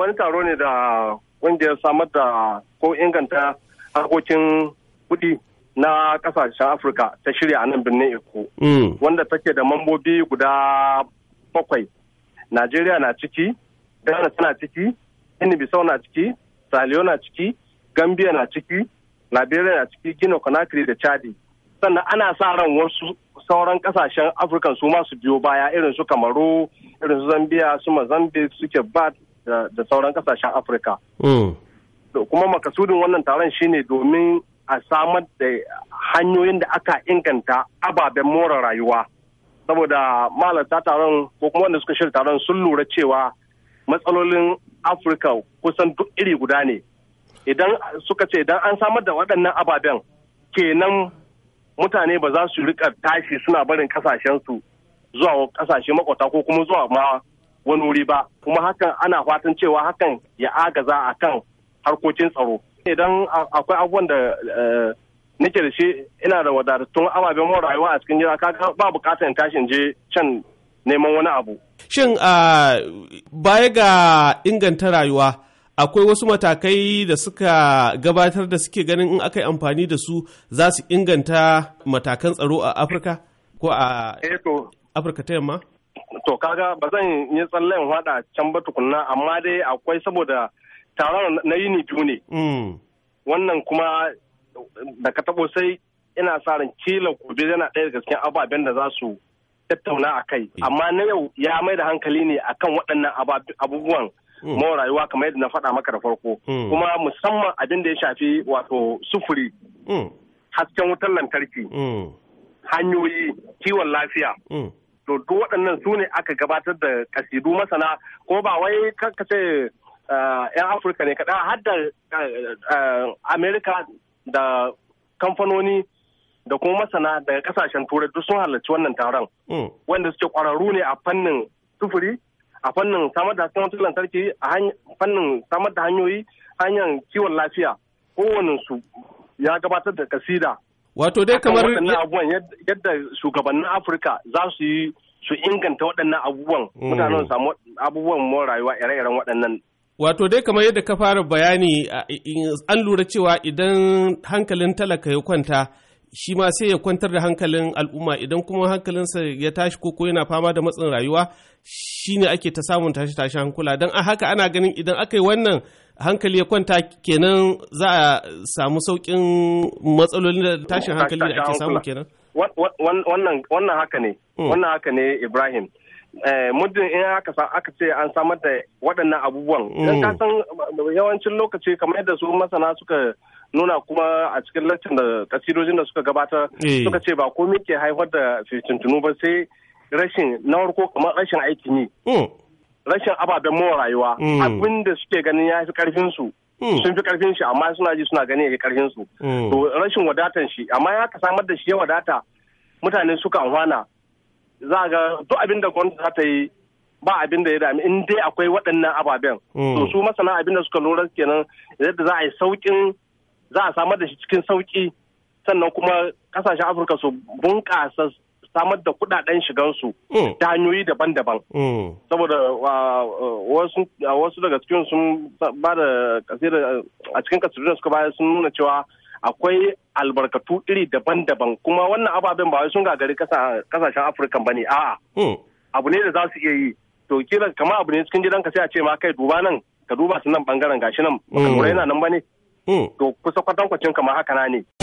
wani taro ne da ya samar da ko inganta harkokin kuɗi na kasashen afirka ta shirya a nan birnin eko mm. wanda take da mambobi guda bakwai najeriya na ciki ghana tana ciki inibisau na ciki saliyo na ciki gambia na ciki liberia na ciki gino conakry da chadi sannan ana sa ran wasu sauran kasashen afirka su ma su biyo baya irin su kamaru irin su zambia su mozambique su Bat. da sauran kasashen afirka mm. kuma makasudin wannan taron shine domin a samar da hanyoyin da aka inganta ababen more rayuwa saboda malarta taron ko kuma wanda suka shirya taron sun lura cewa matsalolin afirka kusan duk iri guda ne idan suka ce idan an samar da waɗannan ababen kenan mutane ba za su rika tashi suna barin kasashensu zuwa kasashe makwata ko kuma zuwa ma wani wuri ba kuma hakan ana fatan cewa hakan ya agaza a kan harkokin tsaro idan akwai abubuwan da eh, nake da shi ina da wadatattun ababen more rayuwa a cikin gida kaga ba bukatar in tashi in je can neman wani abu shin a baya ga inganta rayuwa akwai wasu matakai da suka gabatar da suke ganin in aka yi amfani da su za su inganta matakan tsaro a afirka ko a eh afirka ta yamma to kaga ba zan yi tsallayen hada can ba tukunna amma dai akwai saboda taron na yini biyu ne mm. wannan kuma da ka tabo sai ina sa ran kila gobe yana ɗaya daga cikin ababen da za su tattauna a kai mm. amma na yau ya mai da hankali ne a kan waɗannan abubuwan mawa mm. rayuwa kamar yadda na faɗa maka da farko kuma musamman abin da ya shafi wato sufuri hasken wutar lantarki hanyoyi kiwon lafiya to duk waɗannan su ne aka gabatar da kasidu masana ko ba wai ka ce 'yan eh, afirka ne kaɗan har da eh, eh, amerika da kamfanoni da kuma masana daga kasashen turai duk sun halarci wannan taron hmm. wanda suke kwararru ne a fannin sufuri a fannin samar da hasken wutar lantarki a fannin samar da hanyoyi hanyar kiwon lafiya kowanne su ya gabatar da kasida Wato dai kamar waɗannan abubuwan yadda shugabannin Afirka za su yi su inganta waɗannan abubuwan mutanen mm. samu abubuwan mu rayuwa ire-iren waɗannan Wato dai kamar yadda ka fara bayani an lura cewa idan hankalin talaka ya kwanta shi ma sai ya kwantar da hankalin al'umma idan kuma hankalinsa ya tashi koko yana fama da matsin rayuwa shine ake ta samun tashi tashi hankula don a haka ana ganin idan aka yi wannan hankali ya kwanta kenan za a samu saukin matsalolin da tashin hankali da ake samu kenan wannan haka ne hmm. wannan haka ne ibrahim eh, muddin in aka aka ce an samar da waɗannan abubuwan hmm. ka san yawancin lokaci kamar yadda su masana suka nuna kuma a cikin lantin da kasidojin da suka gabata eh. suka ce ba komai ke haifar da fitintunu ba sai rashin na farko kamar rashin aikin yi oh. rashin ababen mawa rayuwa hmm. abin da suke ganin ya fi karfin su hmm. sun fi karfin shi amma suna ji suna ganin ya fi karfin su hmm. to rashin wadatan shi amma ya ka samar da shi ya wadata mutane suka amfana za ga duk abin da gwamnati za ta yi ba abin da ya dami in dai akwai waɗannan ababen to su masana abin da suka lura kenan yadda za a yi saukin. za a samar da shi cikin sauki sannan kuma kasashen afirka su bunƙasa samar da kudaden shigansu mm. ta hanyoyi daban-daban mm. saboda wasu daga cikin sun ba da a cikin kasirin suka bayar sun nuna cewa akwai albarkatu iri daban-daban kuma wannan ababen ba wai sun gagari kasashen afirka ba ne a'a mm. abu ne da za su iya yi to kila kama abu ne cikin ka sai a ce ma kai duba nan ka duba su nan bangaren gashi nan ba ka nan ba ne To kusa kwatankwacin kamar haka na ne.